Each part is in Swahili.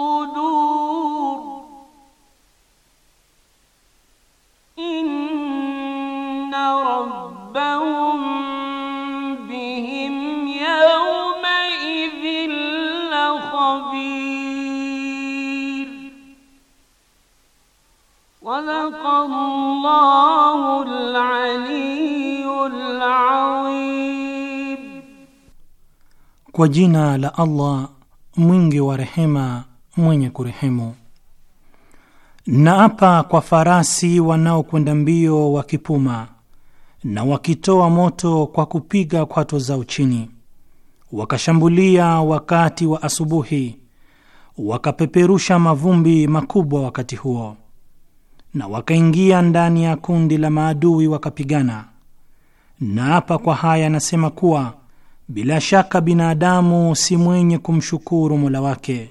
الصدور إن ربهم بهم يومئذ لخبير صدق الله العلي العظيم kwa jina la allah mwingi wa rehema mwenye kurehemu. Na kwa farasi wanaokwenda mbio wakipuma na wakitoa moto kwa kupiga kwato zao chini, wakashambulia wakati wa asubuhi, wakapeperusha mavumbi makubwa wakati huo, na wakaingia ndani ya kundi la maadui wakapigana. Na hapa kwa haya anasema kuwa bila shaka binadamu si mwenye kumshukuru Mola wake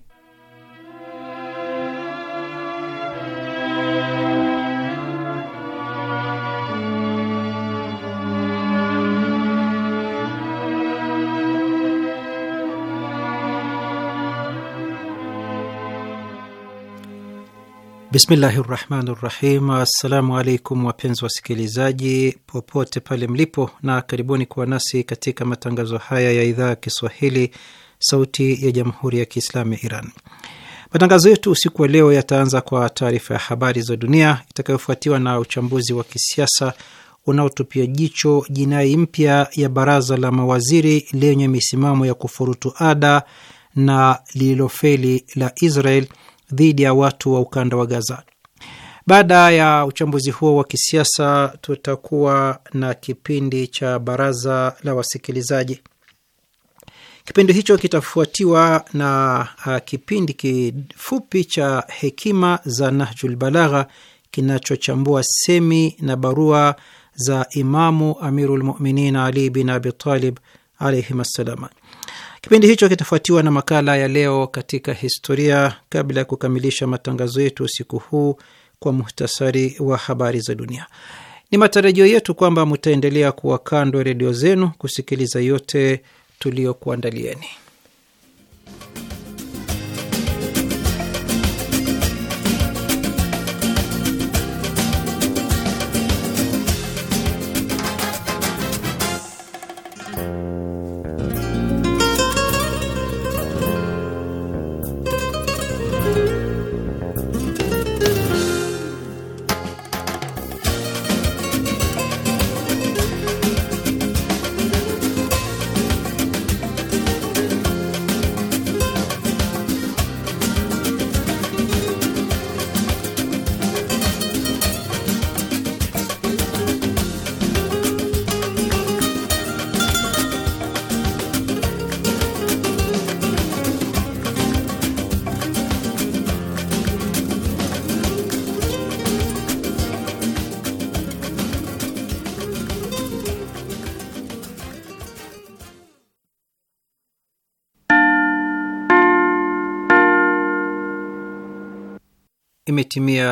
Bismillahi rahmani rahim. Assalamu alaikum wapenzi wasikilizaji popote pale mlipo, na karibuni kuwa nasi katika matangazo haya ya idhaa ya Kiswahili sauti ya jamhuri ya Kiislamu ya Iran. Matangazo yetu usiku wa leo yataanza kwa taarifa ya habari za dunia itakayofuatiwa na uchambuzi wa kisiasa unaotupia jicho jinai mpya ya baraza la mawaziri lenye misimamo ya kufurutu ada na lililofeli la Israel dhidi ya watu wa ukanda wa Gaza. Baada ya uchambuzi huo wa kisiasa, tutakuwa na kipindi cha baraza la wasikilizaji. Kipindi hicho kitafuatiwa na uh, kipindi kifupi cha hekima za Nahjul Balagha kinachochambua semi na barua za Imamu amirulmuminin Ali bin abitalib alaihim assalama. Kipindi hicho kitafuatiwa na makala ya leo katika historia, kabla ya kukamilisha matangazo yetu usiku huu kwa muhtasari wa habari za dunia. Ni matarajio yetu kwamba mtaendelea kuwa kando redio zenu kusikiliza yote tuliyokuandalieni.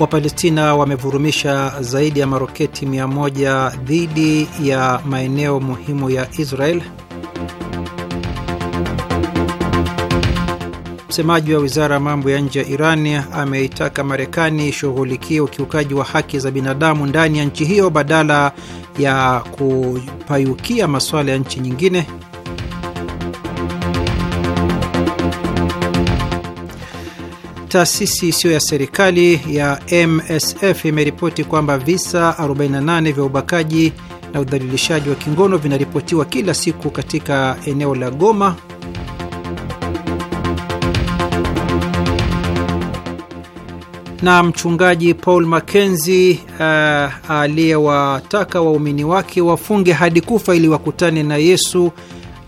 Wapalestina wamevurumisha zaidi ya maroketi 100 dhidi ya maeneo muhimu ya Israel. Msemaji wa wizara ya mambo ya nje ya Irani ameitaka Marekani ishughulikie ukiukaji wa haki za binadamu ndani ya nchi hiyo badala ya kupayukia masuala ya nchi nyingine. Taasisi isiyo ya serikali ya MSF imeripoti kwamba visa 48 vya ubakaji na udhalilishaji wa kingono vinaripotiwa kila siku katika eneo la Goma. Na mchungaji Paul Mackenzie uh, aliyewataka waumini wake wafunge hadi kufa ili wakutane na Yesu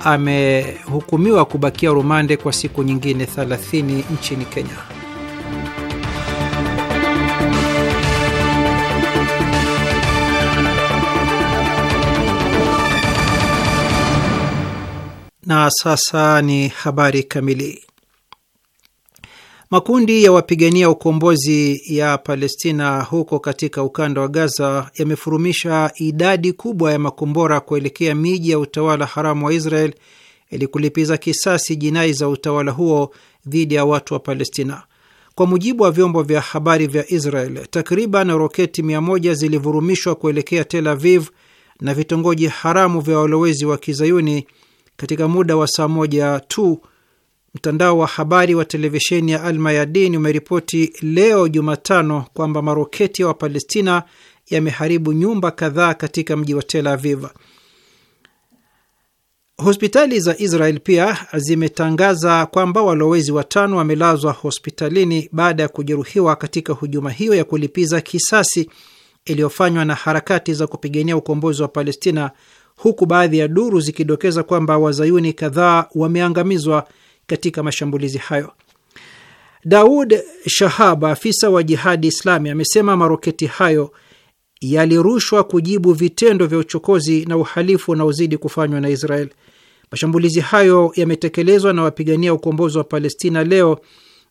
amehukumiwa kubakia rumande kwa siku nyingine 30 nchini Kenya. Na sasa ni habari kamili. Makundi ya wapigania ukombozi ya Palestina huko katika ukanda wa Gaza yamefurumisha idadi kubwa ya makombora kuelekea miji ya utawala haramu wa Israel ili kulipiza kisasi jinai za utawala huo dhidi ya watu wa Palestina. Kwa mujibu wa vyombo vya habari vya Israel, takriban roketi 100 zilivurumishwa kuelekea Tel Aviv na vitongoji haramu vya walowezi wa Kizayuni katika muda wa saa moja tu. Mtandao wa habari wa televisheni ya Al Mayadin umeripoti leo Jumatano kwamba maroketi ya wa Wapalestina yameharibu nyumba kadhaa katika mji wa Tel Aviv. Hospitali za Israel pia zimetangaza kwamba walowezi watano wamelazwa hospitalini baada ya kujeruhiwa katika hujuma hiyo ya kulipiza kisasi iliyofanywa na harakati za kupigania ukombozi wa Palestina huku baadhi ya duru zikidokeza kwamba wazayuni kadhaa wameangamizwa katika mashambulizi hayo. Daud Shahab, afisa wa Jihadi Islami, amesema maroketi hayo yalirushwa kujibu vitendo vya uchokozi na uhalifu unaozidi kufanywa na Israel. Mashambulizi hayo yametekelezwa na wapigania ukombozi wa Palestina leo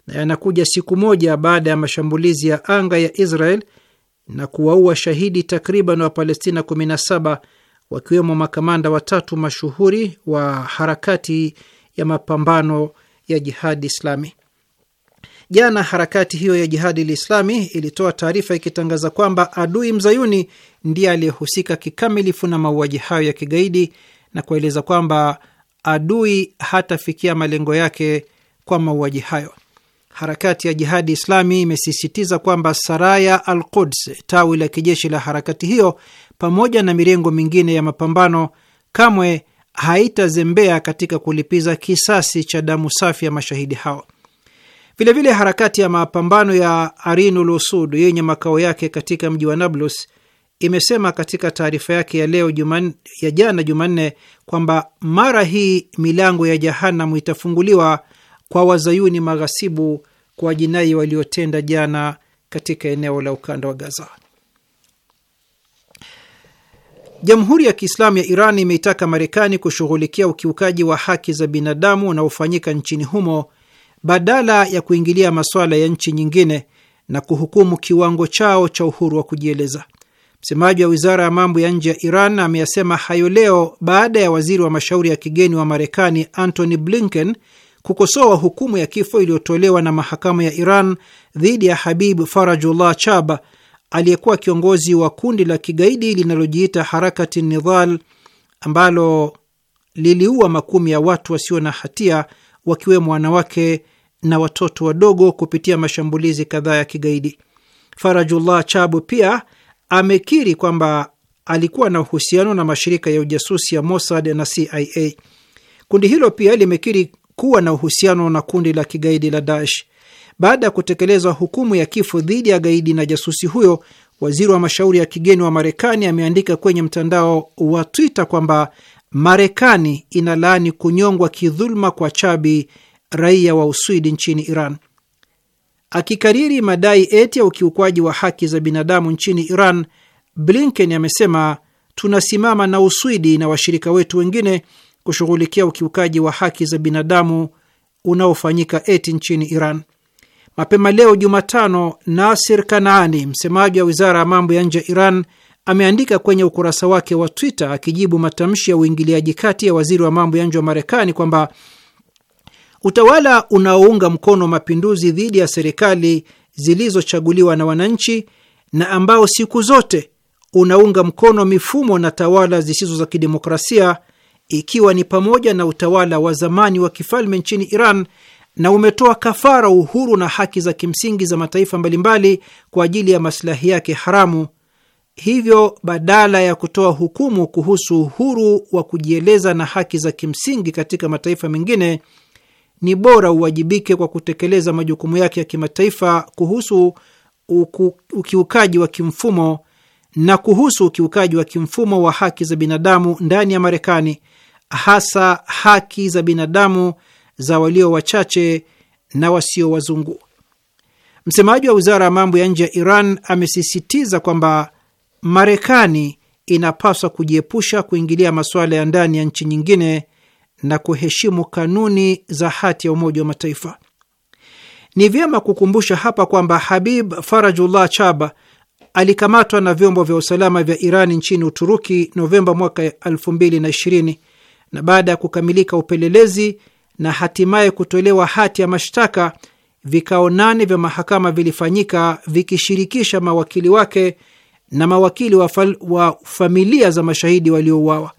na yanakuja siku moja baada ya mashambulizi ya anga ya Israel na kuwaua shahidi takriban Wapalestina 17 wakiwemo makamanda watatu mashuhuri wa harakati ya mapambano ya Jihadi Islami. Jana harakati hiyo ya Jihadi Islami ilitoa taarifa ikitangaza kwamba adui mzayuni ndiye aliyehusika kikamilifu na mauaji hayo ya kigaidi na kueleza kwamba adui hatafikia malengo yake kwa mauaji hayo. Harakati ya Jihadi Islami imesisitiza kwamba Saraya al Quds, tawi la kijeshi la harakati hiyo, pamoja na mirengo mingine ya mapambano kamwe haitazembea katika kulipiza kisasi cha damu safi ya mashahidi hao. Vilevile vile harakati ya mapambano ya Arinul Usud yenye makao yake katika mji wa Nablus imesema katika taarifa yake ya leo juman, ya jana Jumanne kwamba mara hii milango ya jahanamu itafunguliwa kwa wazayuni maghasibu kwa jinai waliotenda jana katika eneo la ukanda wa Gaza. Jamhuri ya Kiislamu ya Iran imeitaka Marekani kushughulikia ukiukaji wa haki za binadamu unaofanyika nchini humo badala ya kuingilia masuala ya nchi nyingine na kuhukumu kiwango chao cha uhuru wa kujieleza. Msemaji wa wizara ya mambo ya nje ya Iran ameyasema hayo leo baada ya waziri wa mashauri ya kigeni wa Marekani Antony Blinken kukosoa hukumu ya kifo iliyotolewa na mahakama ya Iran dhidi ya Habib Farajullah Chaba, aliyekuwa kiongozi wa kundi la kigaidi linalojiita Harakati Nidhal ambalo liliua makumi ya watu wasio na hatia wakiwemo wanawake na watoto wadogo kupitia mashambulizi kadhaa ya kigaidi. Farajullah Chabu pia amekiri kwamba alikuwa na uhusiano na mashirika ya ujasusi ya Mossad na CIA. Kundi hilo pia limekiri kuwa na uhusiano na kundi la kigaidi la Daesh. Baada ya kutekelezwa hukumu ya kifo dhidi ya gaidi na jasusi huyo, waziri wa mashauri ya kigeni wa Marekani ameandika kwenye mtandao wa Twitter kwamba Marekani inalaani kunyongwa kidhuluma kwa Chabi, raia wa Uswidi nchini Iran, akikariri madai eti ya ukiukwaji wa haki za binadamu nchini Iran. Blinken amesema tunasimama na Uswidi na washirika wetu wengine kushughulikia ukiukaji wa haki za binadamu unaofanyika eti nchini Iran. Mapema leo Jumatano, Nasir Kanaani, msemaji wa wizara ya mambo ya nje ya Iran, ameandika kwenye ukurasa wake wa Twitter akijibu matamshi ya uingiliaji kati ya waziri wa mambo ya nje wa Marekani kwamba utawala unaounga mkono mapinduzi dhidi ya serikali zilizochaguliwa na wananchi na ambao siku zote unaunga mkono mifumo na tawala zisizo za kidemokrasia ikiwa ni pamoja na utawala wa zamani wa kifalme nchini Iran na umetoa kafara uhuru na haki za kimsingi za mataifa mbalimbali kwa ajili ya maslahi yake haramu. Hivyo, badala ya kutoa hukumu kuhusu uhuru wa kujieleza na haki za kimsingi katika mataifa mengine, ni bora uwajibike kwa kutekeleza majukumu yake ya kimataifa kuhusu uku, ukiukaji wa kimfumo na kuhusu ukiukaji wa kimfumo wa haki za binadamu ndani ya Marekani, hasa haki za binadamu za walio wachache na wasio wazungu Msemaji wa wizara ya mambo ya nje ya Iran amesisitiza kwamba Marekani inapaswa kujiepusha kuingilia masuala ya ndani ya nchi nyingine na kuheshimu kanuni za hati ya Umoja wa Mataifa. Ni vyema kukumbusha hapa kwamba Habib Farajullah Chaba alikamatwa na vyombo vya usalama vya Iran nchini Uturuki Novemba mwaka 2020 na baada ya kukamilika upelelezi na hatimaye kutolewa hati ya mashtaka, vikao nane vya mahakama vilifanyika vikishirikisha mawakili wake na mawakili wa, fal, wa familia za mashahidi waliouawa.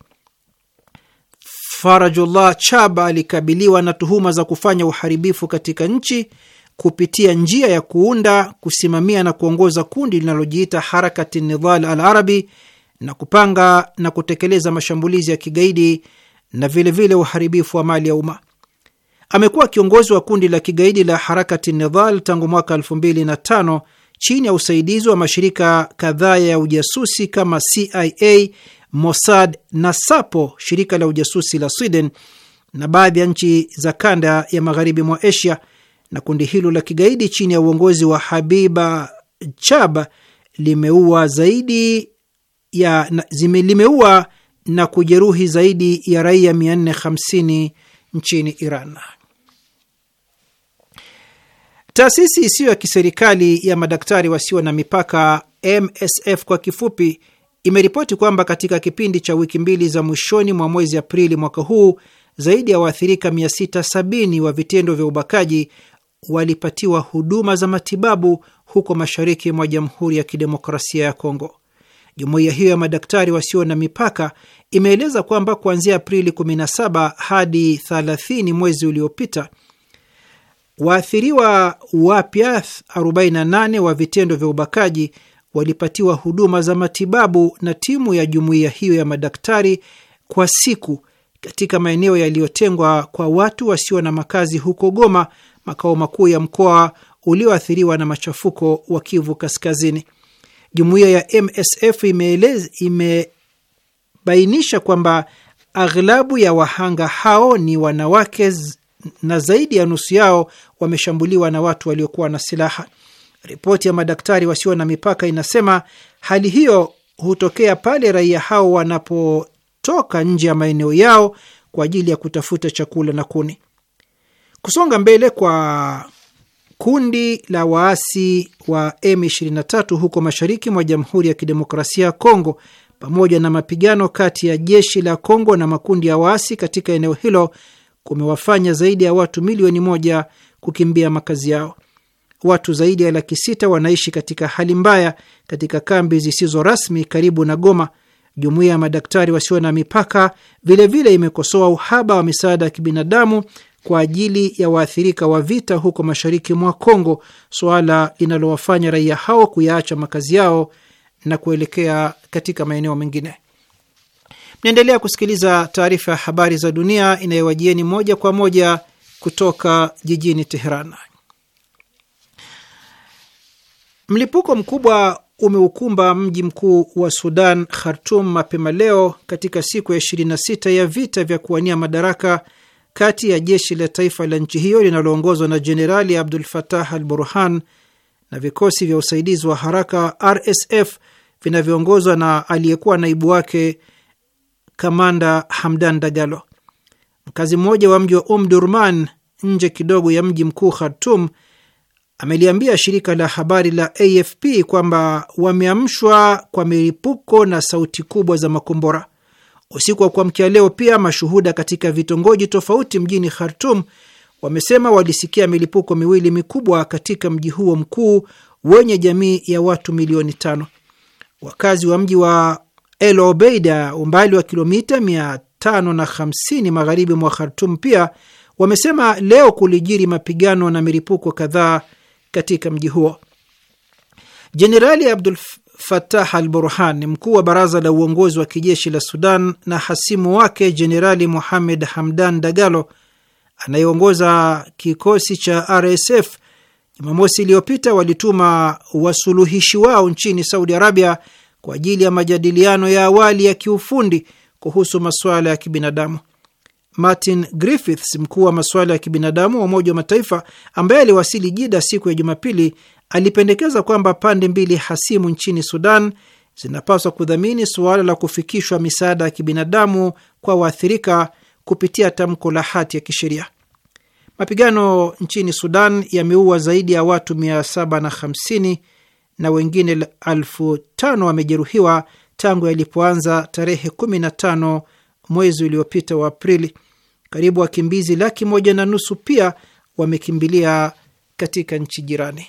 Farajullah Chaba alikabiliwa na tuhuma za kufanya uharibifu katika nchi kupitia njia ya kuunda, kusimamia na kuongoza kundi linalojiita Harakati Nidhal al Arabi na kupanga na kutekeleza mashambulizi ya kigaidi na vilevile vile uharibifu wa mali ya umma amekuwa kiongozi wa kundi la kigaidi la harakati Nidhal tangu mwaka 2005 chini ya usaidizi wa mashirika kadhaa ya ujasusi kama CIA, Mossad na SAPO, shirika la ujasusi la Sweden na baadhi ya nchi za kanda ya magharibi mwa Asia. Na kundi hilo la kigaidi chini ya uongozi wa Habiba Chab limeua zaidi ya zime, limeua na kujeruhi zaidi ya raia 450 nchini Iran. Taasisi isiyo ya kiserikali ya madaktari wasio na mipaka MSF kwa kifupi imeripoti kwamba katika kipindi cha wiki mbili za mwishoni mwa mwezi Aprili mwaka huu zaidi ya waathirika 670 wa vitendo vya ubakaji walipatiwa huduma za matibabu huko mashariki mwa Jamhuri ya Kidemokrasia ya Kongo. Jumuiya hiyo ya madaktari wasio na mipaka imeeleza kwamba kuanzia Aprili 17 hadi 30 mwezi uliopita Waathiriwa wapya 48 wa vitendo vya ubakaji walipatiwa huduma za matibabu na timu ya jumuiya hiyo ya madaktari kwa siku katika maeneo yaliyotengwa kwa watu wasio na makazi huko Goma, makao makuu ya mkoa ulioathiriwa na machafuko wa Kivu Kaskazini. Jumuiya ya MSF imeeleza imebainisha kwamba aghlabu ya wahanga hao ni wanawake na zaidi ya nusu yao wameshambuliwa na watu waliokuwa na silaha. Ripoti ya madaktari wasio na mipaka inasema hali hiyo hutokea pale raia hao wanapotoka nje ya maeneo yao kwa ajili ya kutafuta chakula na kuni. Kusonga mbele kwa kundi la waasi wa M23 huko mashariki mwa Jamhuri ya Kidemokrasia ya Kongo pamoja na mapigano kati ya jeshi la Kongo na makundi ya waasi katika eneo hilo kumewafanya zaidi ya watu milioni moja kukimbia makazi yao. Watu zaidi ya laki sita wanaishi katika hali mbaya katika kambi zisizo rasmi karibu na Goma. Jumuiya ya madaktari wasio na mipaka vilevile vile imekosoa uhaba wa misaada ya kibinadamu kwa ajili ya waathirika wa vita huko mashariki mwa Kongo, suala linalowafanya raia hao kuyaacha makazi yao na kuelekea katika maeneo mengine. Mnaendelea kusikiliza taarifa ya habari za dunia inayowajieni moja kwa moja kutoka jijini Teheran. Mlipuko mkubwa umeukumba mji mkuu wa Sudan, Khartum, mapema leo katika siku ya 26 ya vita vya kuwania madaraka kati ya jeshi la taifa la nchi hiyo linaloongozwa na Jenerali Abdul Fatah al Burhan na vikosi vya usaidizi wa haraka RSF vinavyoongozwa na aliyekuwa naibu wake kamanda Hamdan Dagalo. Mkazi mmoja wa mji wa Omdurman umm nje kidogo ya mji mkuu Khartum ameliambia shirika la habari la AFP kwamba wameamshwa kwa milipuko na sauti kubwa za makombora usiku wa kuamkia leo. Pia mashuhuda katika vitongoji tofauti mjini Khartum wamesema walisikia milipuko miwili mikubwa katika mji huo mkuu wenye jamii ya watu milioni tano. Wakazi wa mji wa El Obeida, umbali wa kilomita 550 magharibi mwa Khartum, pia wamesema leo kulijiri mapigano na milipuko kadhaa katika mji huo. Jenerali Abdul Fatah Al Burhan, mkuu wa baraza la uongozi wa kijeshi la Sudan na hasimu wake Jenerali Mohamed Hamdan Dagalo anayeongoza kikosi cha RSF, Jumamosi iliyopita walituma wasuluhishi wao nchini Saudi Arabia kwa ajili ya majadiliano ya awali ya kiufundi kuhusu masuala ya kibinadamu. Martin Griffiths, mkuu wa masuala ya kibinadamu wa Umoja wa Mataifa, ambaye aliwasili Jida siku ya Jumapili, alipendekeza kwamba pande mbili hasimu nchini Sudan zinapaswa kudhamini suala la kufikishwa misaada ya kibinadamu kwa waathirika kupitia tamko la hati ya kisheria. Mapigano nchini Sudan yameua zaidi ya watu 750 na wengine elfu tano wamejeruhiwa tangu yalipoanza tarehe 15 mwezi uliopita wa Aprili. Karibu wakimbizi laki moja na nusu pia wamekimbilia katika nchi jirani.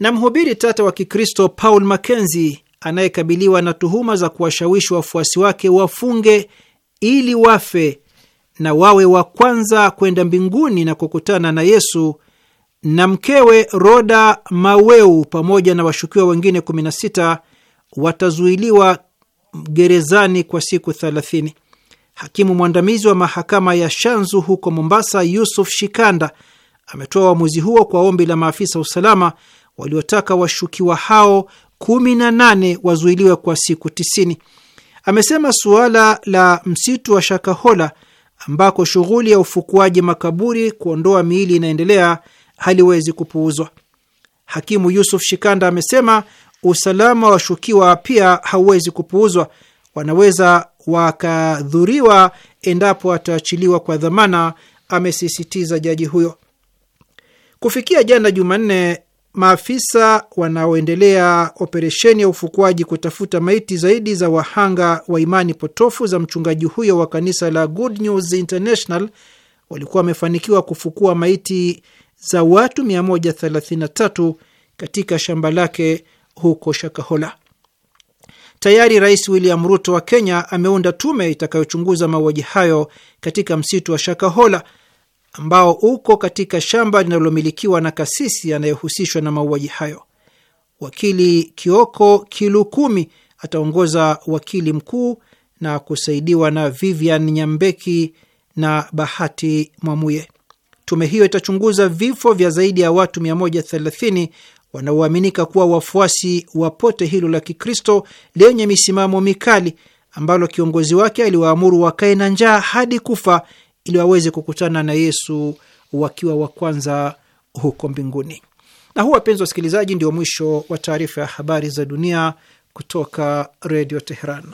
Na mhubiri tata wa Kikristo Paul Mackenzie anayekabiliwa na tuhuma za kuwashawishi wafuasi wake wafunge ili wafe na wawe wa kwanza kwenda mbinguni na kukutana na Yesu na mkewe Roda Maweu pamoja na washukiwa wengine 16 watazuiliwa gerezani kwa siku 30. Hakimu mwandamizi wa mahakama ya Shanzu huko Mombasa, Yusuf Shikanda, ametoa uamuzi huo kwa ombi la maafisa usalama waliotaka washukiwa hao 18 wazuiliwe kwa siku 90. Amesema suala la msitu wa Shakahola ambako shughuli ya ufukuaji makaburi kuondoa miili inaendelea haliwezi kupuuzwa. Hakimu Yusuf Shikanda amesema usalama wa washukiwa pia hauwezi kupuuzwa, wanaweza wakadhuriwa endapo wataachiliwa kwa dhamana, amesisitiza jaji huyo. Kufikia jana Jumanne, maafisa wanaoendelea operesheni ya ufukuaji kutafuta maiti zaidi za wahanga wa imani potofu za mchungaji huyo wa kanisa la Good News International walikuwa wamefanikiwa kufukua maiti za watu 133 katika shamba lake huko Shakahola. Tayari Rais William Ruto wa Kenya ameunda tume itakayochunguza mauaji hayo katika msitu wa Shakahola ambao uko katika shamba linalomilikiwa na kasisi anayehusishwa na mauaji hayo. Wakili Kioko Kilukumi ataongoza wakili mkuu na kusaidiwa na Vivian Nyambeki na Bahati Mwamuye. Tume hiyo itachunguza vifo vya zaidi ya watu 130 wanaoaminika kuwa wafuasi wa pote hilo la Kikristo lenye misimamo mikali ambalo kiongozi wake aliwaamuru wakae na njaa hadi kufa ili waweze kukutana na Yesu wakiwa wa kwanza huko mbinguni. Na huu, wapenzi wasikilizaji, ndio mwisho wa taarifa ya habari za dunia kutoka Redio Teheran.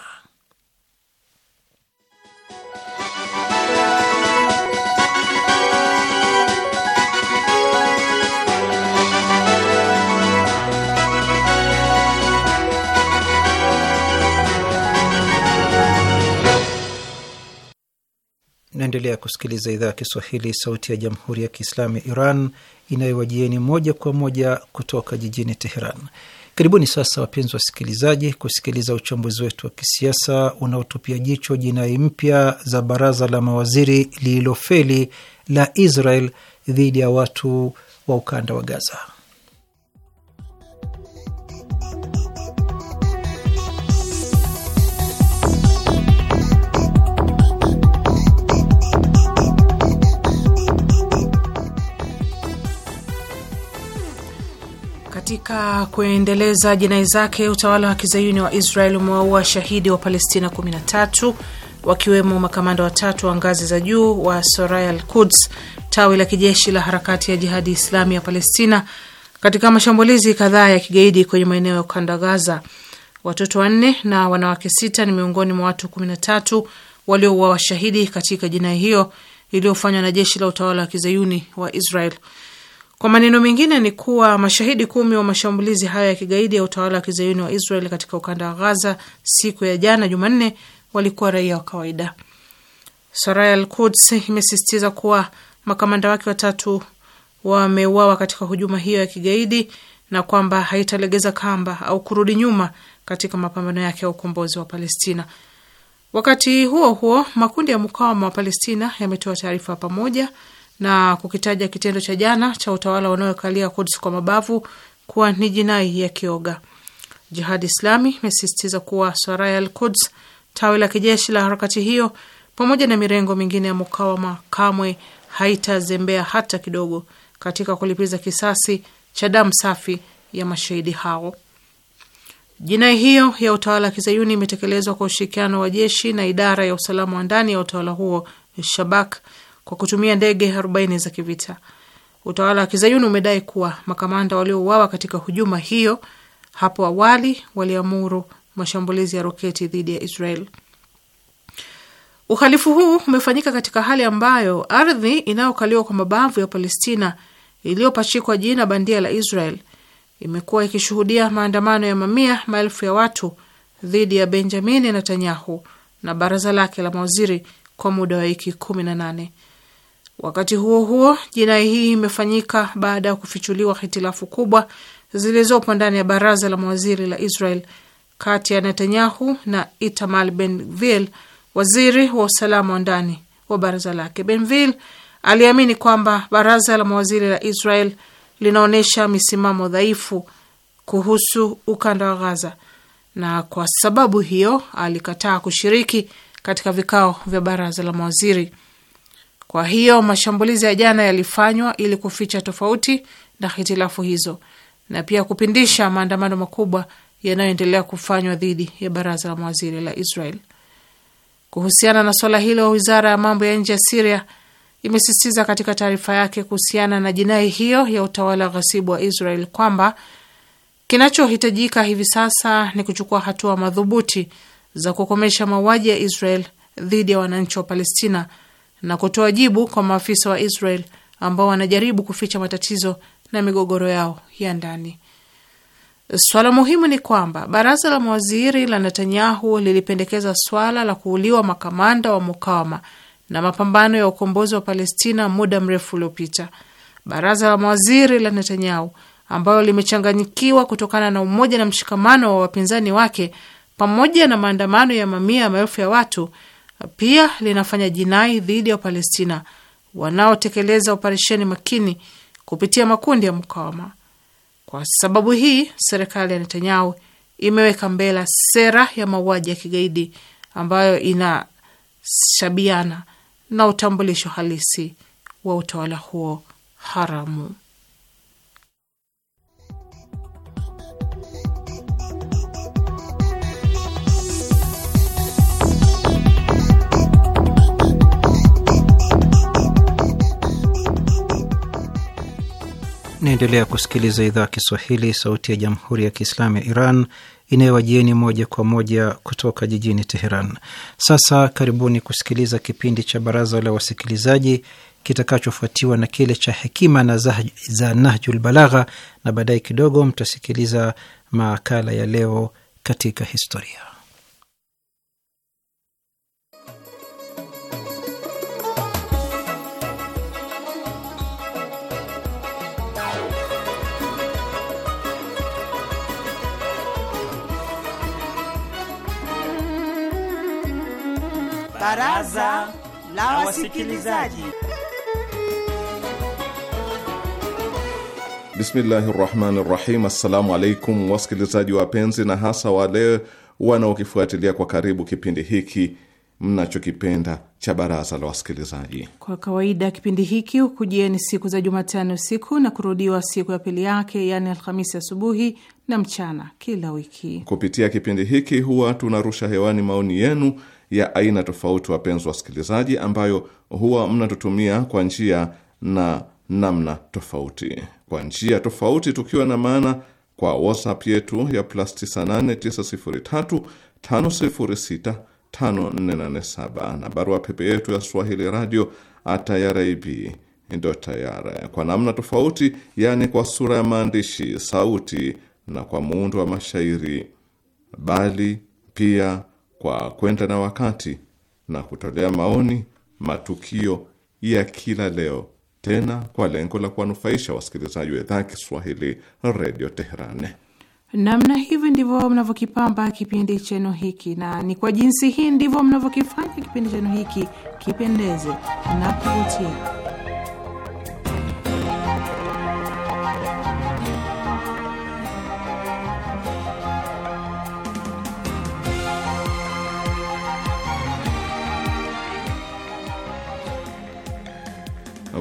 Naendelea kusikiliza idhaa ya Kiswahili, sauti ya jamhuri ya kiislamu ya Iran inayowajieni moja kwa moja kutoka jijini Teheran. Karibuni sasa, wapenzi wasikilizaji, kusikiliza uchambuzi wetu wa kisiasa unaotupia jicho jinai mpya za baraza la mawaziri lililofeli la Israel dhidi ya watu wa ukanda wa Gaza. Katika kuendeleza jinai zake, utawala wa kizayuni wa Israel umewaua shahidi wa Palestina 13 wakiwemo makamanda watatu wa ngazi za juu wa Soraya al Quds, tawi la kijeshi la harakati ya Jihadi Islami ya Palestina, katika mashambulizi kadhaa ya kigaidi kwenye maeneo ya ukanda Gaza. Watoto wanne na wanawake sita ni miongoni mwa watu 13 waliouawa shahidi katika jinai hiyo iliyofanywa na jeshi la utawala wa kizayuni wa Israel. Kwa maneno mengine ni kuwa mashahidi kumi wa mashambulizi hayo ya kigaidi ya utawala wa kizayuni wa Israel katika ukanda wa Ghaza siku ya jana Jumanne walikuwa raia wa kawaida. Saraya Al Quds imesisitiza kuwa makamanda wake watatu wameuawa katika hujuma hiyo ya kigaidi na kwamba haitalegeza kamba au kurudi nyuma katika mapambano yake ya ukombozi wa Palestina. Wakati huo huo, makundi ya mukawama wa Palestina yametoa taarifa pamoja na kukitaja kitendo cha jana cha utawala unaokalia Kuds kwa mabavu kuwa ni jinai ya kioga. Jihadi Islami imesisitiza kuwa Saraya al Kuds, tawi la kijeshi la harakati hiyo, pamoja na mirengo mingine ya mukawama, kamwe haitazembea hata kidogo katika kulipiza kisasi cha damu safi ya mashahidi hao. Jinai hiyo ya utawala wa kizayuni imetekelezwa kwa ushirikiano wa jeshi na idara ya usalama wa ndani ya utawala huo Shabak kwa kutumia ndege 40 za kivita. Utawala wa kizayuni umedai kuwa makamanda waliouawa katika hujuma hiyo hapo awali waliamuru mashambulizi ya roketi dhidi ya Israel. Uhalifu huu umefanyika katika hali ambayo ardhi inayokaliwa kwa mabavu ya Palestina iliyopachikwa jina bandia la Israel imekuwa ikishuhudia maandamano ya mamia maelfu ya watu dhidi ya Benjamini Netanyahu na baraza lake la mawaziri kwa muda wa wiki 18. Wakati huo huo, jinai hii imefanyika baada ya kufichuliwa hitilafu kubwa zilizopo ndani ya baraza la mawaziri la Israel kati ya Netanyahu na Itamar benvil waziri wa usalama wa ndani wa baraza lake. Benvil aliamini kwamba baraza la mawaziri la Israel linaonyesha misimamo dhaifu kuhusu ukanda wa Gaza, na kwa sababu hiyo alikataa kushiriki katika vikao vya baraza la mawaziri. Kwa hiyo mashambulizi ya jana yalifanywa ili kuficha tofauti na hitilafu hizo na pia kupindisha maandamano makubwa yanayoendelea kufanywa dhidi ya baraza la mawaziri la Israel. Kuhusiana na swala hilo, wizara ya mambo ya nje ya Siria imesisitiza katika taarifa yake kuhusiana na jinai hiyo ya utawala ghasibu wa Israel kwamba kinachohitajika hivi sasa ni kuchukua hatua madhubuti za kukomesha mauaji ya Israel dhidi ya wananchi wa Palestina na kutoa jibu kwa maafisa wa Israel ambao wanajaribu kuficha matatizo na migogoro yao ya ndani. Swala muhimu ni kwamba baraza la mawaziri la Netanyahu lilipendekeza swala la kuuliwa makamanda wa mukawama na mapambano ya ukombozi wa Palestina muda mrefu uliopita. Baraza la mawaziri la Netanyahu ambalo limechanganyikiwa kutokana na umoja na mshikamano wa wapinzani wake pamoja na maandamano ya mamia ya maelfu ya watu pia linafanya jinai dhidi ya Wapalestina wanaotekeleza operesheni makini kupitia makundi ya mkawama. Kwa sababu hii, serikali ya Netanyahu imeweka mbele sera ya mauaji ya kigaidi ambayo inashabiana na utambulisho halisi wa utawala huo haramu. Naendelea kusikiliza idhaa ya Kiswahili, sauti ya jamhuri ya kiislamu ya Iran inayowajieni moja kwa moja kutoka jijini Teheran. Sasa karibuni kusikiliza kipindi cha Baraza la Wasikilizaji kitakachofuatiwa na kile cha Hekima na za Nahjul Balagha, na baadaye kidogo mtasikiliza makala ya Leo katika Historia. Baraza la Wasikilizaji. Bismillahi rahmani rahim. Assalamu alaikum wasikilizaji wapenzi, na hasa wale wanaokifuatilia kwa karibu kipindi hiki mnachokipenda cha baraza la wasikilizaji. Kwa kawaida kipindi hiki hukujieni siku za Jumatano usiku na kurudiwa siku ya pili yake, yaani Alhamisi asubuhi ya na mchana kila wiki. Kupitia kipindi hiki huwa tunarusha hewani maoni yenu ya aina tofauti, wapenzi wasikilizaji, ambayo huwa mnatutumia kwa njia na namna tofauti, kwa njia tofauti tukiwa na maana kwa WhatsApp yetu ya plus 98 na barua pepe yetu ya Swahili radio tayara kwa namna tofauti, yaani kwa sura ya maandishi, sauti na kwa muundo wa mashairi, bali pia kwa kwenda na wakati na kutolea maoni matukio ya kila leo, tena kwa lengo la kuwanufaisha wasikilizaji wa idhaa Kiswahili Redio Teheran. Namna hivyo ndivyo mnavyokipamba kipindi chenu hiki, na ni kwa jinsi hii ndivyo mnavyokifanya kipindi chenu hiki kipendeze na kuvutia.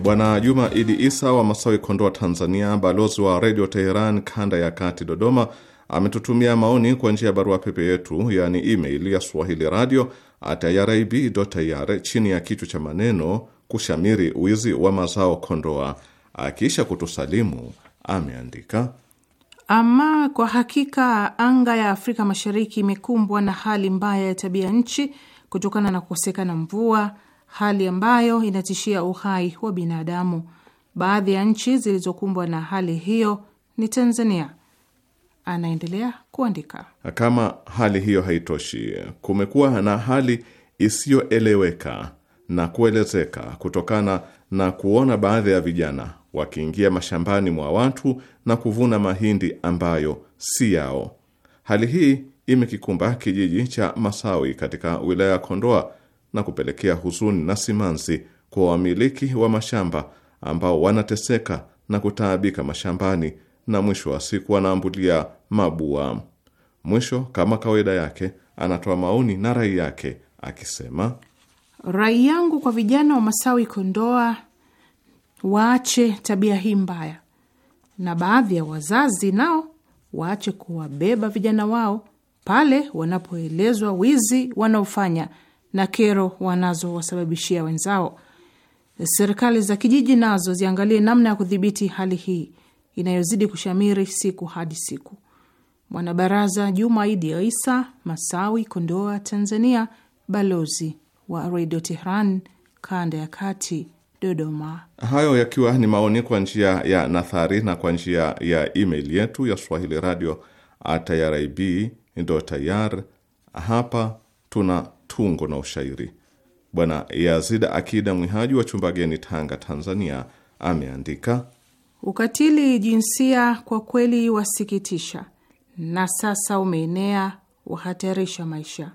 Bwana Juma Idi Isa wa Masawi, Kondoa, Tanzania, balozi wa Redio Teheran kanda ya kati, Dodoma, ametutumia maoni kwa njia ya barua pepe yetu, yaani email ya swahili radio at irib.ir chini ya kichwa cha maneno kushamiri wizi wa mazao Kondoa. Akiisha kutusalimu ameandika ama kwa hakika anga ya Afrika Mashariki imekumbwa na hali mbaya ya tabia nchi kutokana na kukosekana mvua hali ambayo inatishia uhai wa binadamu. Baadhi ya nchi zilizokumbwa na hali hiyo ni Tanzania. Anaendelea kuandika, kama hali hiyo haitoshi, kumekuwa na hali isiyoeleweka na kuelezeka kutokana na kuona baadhi ya vijana wakiingia mashambani mwa watu na kuvuna mahindi ambayo si yao. Hali hii imekikumba kijiji cha Masawi katika wilaya ya Kondoa na kupelekea huzuni na simanzi kwa wamiliki wa mashamba ambao wanateseka na kutaabika mashambani na mwisho wa siku wanaambulia mabua. Mwisho kama kawaida yake anatoa maoni na rai yake akisema, rai yangu kwa vijana wa Masawi Kondoa, waache tabia hii mbaya, na baadhi ya wazazi nao waache kuwabeba vijana wao pale wanapoelezwa wizi wanaofanya na kero wanazowasababishia wenzao. Serikali za kijiji nazo ziangalie namna ya kudhibiti hali hii inayozidi kushamiri siku hadi siku. Mwanabaraza Juma Isa Masawi, Kondoa, Tanzania, balozi wa Redio Tehran kanda ya kati, Dodoma. Hayo yakiwa ni maoni kwa njia ya nathari na kwa njia ya email yetu ya swahili radio irib ndo Hapa tuna tungo na ushairi. Bwana Yazida Akida Mwihaji wa Chumbageni, Tanga, Tanzania, ameandika ukatili jinsia kwa kweli wasikitisha, na sasa umeenea, wahatarisha maisha,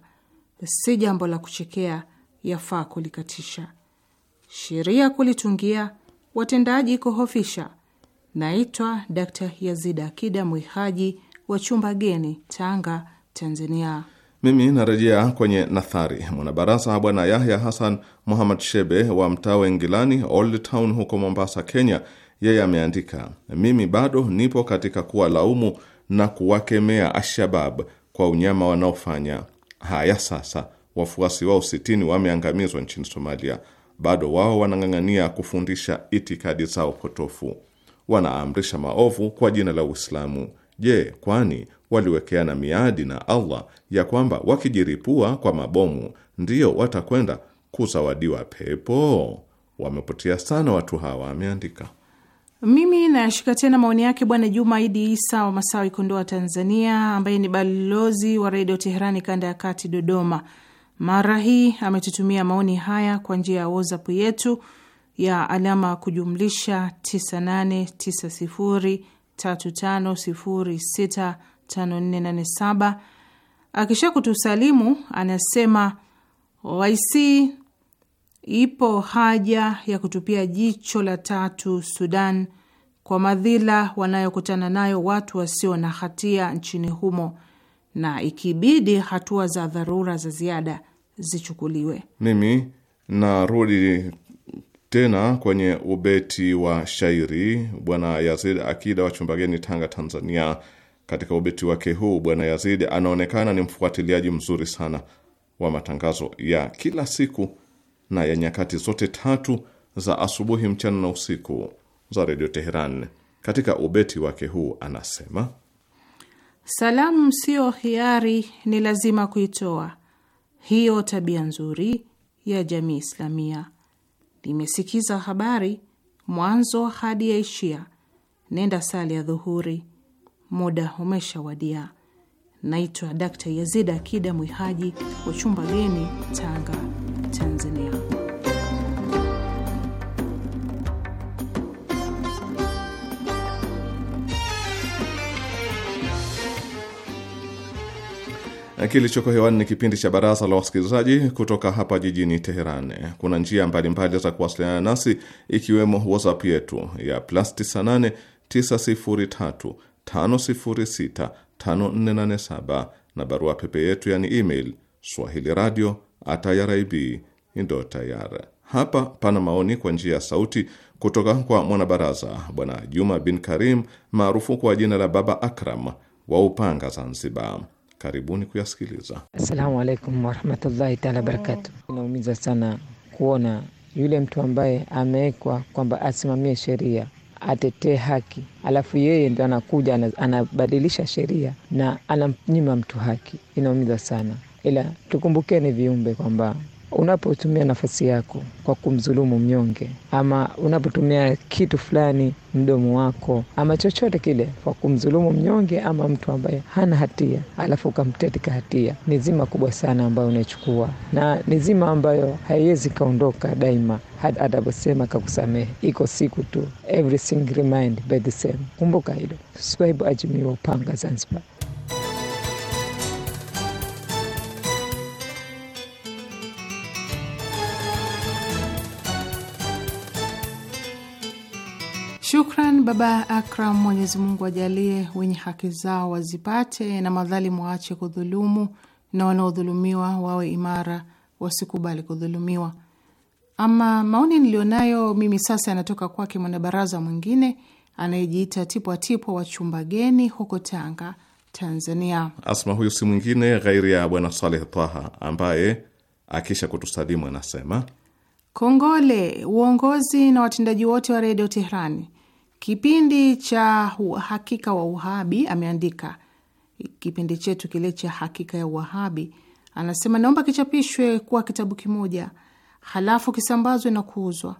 si jambo la kuchekea, yafaa kulikatisha. Sheria kulitungia, watendaji kuhofisha. Naitwa Dr Yazida Akida Mwihaji wa Chumbageni, Tanga, Tanzania. Mimi narejea kwenye Nathari. Mwanabaraza Bwana Yahya Hassan Muhammad Shebe wa mtaa Ingilani, Old Town huko Mombasa, Kenya, yeye ameandika, mimi bado nipo katika kuwalaumu na kuwakemea Ashabab kwa unyama wanaofanya. Haya sasa, wafuasi wao sitini wameangamizwa nchini Somalia, bado wao wanang'ang'ania kufundisha itikadi zao potofu, wanaamrisha maovu kwa jina la Uislamu. Je, kwani waliwekeana miadi na Allah ya kwamba wakijiripua kwa mabomu ndiyo watakwenda kuzawadiwa pepo. Wamepotea sana watu hawa, ameandika. Mimi nayashika tena maoni yake Bwana Juma Idi Isa wa Masawi, Kondoa, Tanzania, ambaye ni balozi wa Redio Teherani kanda ya kati, Dodoma. Mara hii ametutumia maoni haya kwa njia ya WhatsApp yetu ya alama kujumlisha 9890350654 5487. Akisha kutusalimu anasema OIC ipo haja ya kutupia jicho la tatu Sudan kwa madhila wanayokutana nayo watu wasio na hatia nchini humo na ikibidi hatua za dharura za ziada zichukuliwe. Mimi narudi tena kwenye ubeti wa shairi Bwana Yazid Akida wa Chumbageni, Tanga, Tanzania katika ubeti wake huu Bwana Yazidi anaonekana ni mfuatiliaji mzuri sana wa matangazo ya kila siku na ya nyakati zote tatu za asubuhi, mchana na usiku za Redio Teheran. Katika ubeti wake huu anasema, salamu siyo hiari, ni lazima kuitoa hiyo tabia nzuri ya jamii Islamia. Nimesikiza habari mwanzo hadi ishia, nenda sali ya dhuhuri muda umeshawadia. Naitwa Dkt Yazida Akida Mwihaji wa chumba geni, Tanga, Tanzania. Kilichoko hewani ni kipindi cha Baraza la Wasikilizaji kutoka hapa jijini Teheran. Kuna njia mbalimbali za kuwasiliana nasi, ikiwemo WhatsApp yetu ya plus 98 903 506 na barua pepe yetu yani email swahili radio at irib Hapa pana maoni kwa njia ya sauti kutoka kwa mwanabaraza Bwana Juma bin Karim maarufu kwa jina la Baba Akram wa Upanga, Zanzibar. Karibuni kuyasikiliza. Assalamu alaikum warahmatullahi taala wabarakatu. Inaumiza sana kuona yule mtu ambaye amewekwa kwamba asimamie sheria atetee haki, alafu yeye ndo anakuja anabadilisha sheria na anamnyima mtu haki, inaumiza sana, ila tukumbukeni viumbe kwamba Unapotumia nafasi yako kwa kumdhulumu mnyonge, ama unapotumia kitu fulani, mdomo wako ama chochote kile, kwa kumdhulumu mnyonge ama mtu ambaye hana hatia, alafu ukamtetika hatia, ni zima kubwa sana ambayo unachukua, na ni zima ambayo haiwezi kaondoka daima hata kakusamehe, iko siku tu. Everything remained by the same. Kumbuka hilo. Subscribe ajumiwa upanga Zanzibar. baba Akram, Mwenyezi Mungu ajalie wenye haki zao wazipate na madhalimu waache kudhulumu na wanaodhulumiwa wawe imara, wasikubali kudhulumiwa. Ama maoni niliyonayo mimi sasa yanatoka kwake mwanabaraza mwingine anayejiita Tipwa Tipwa wa chumba geni huko Tanga, Tanzania. Asma huyu si mwingine ghairi ya Bwana Saleh Taha ambaye akisha kutusalimu anasema kongole uongozi na watendaji wote wa redio Teherani Kipindi cha uhakika wa Uhabi ameandika kipindi chetu kile cha Hakika ya Uwahabi, anasema naomba kichapishwe kuwa kitabu kimoja, halafu kisambazwe na kuuzwa.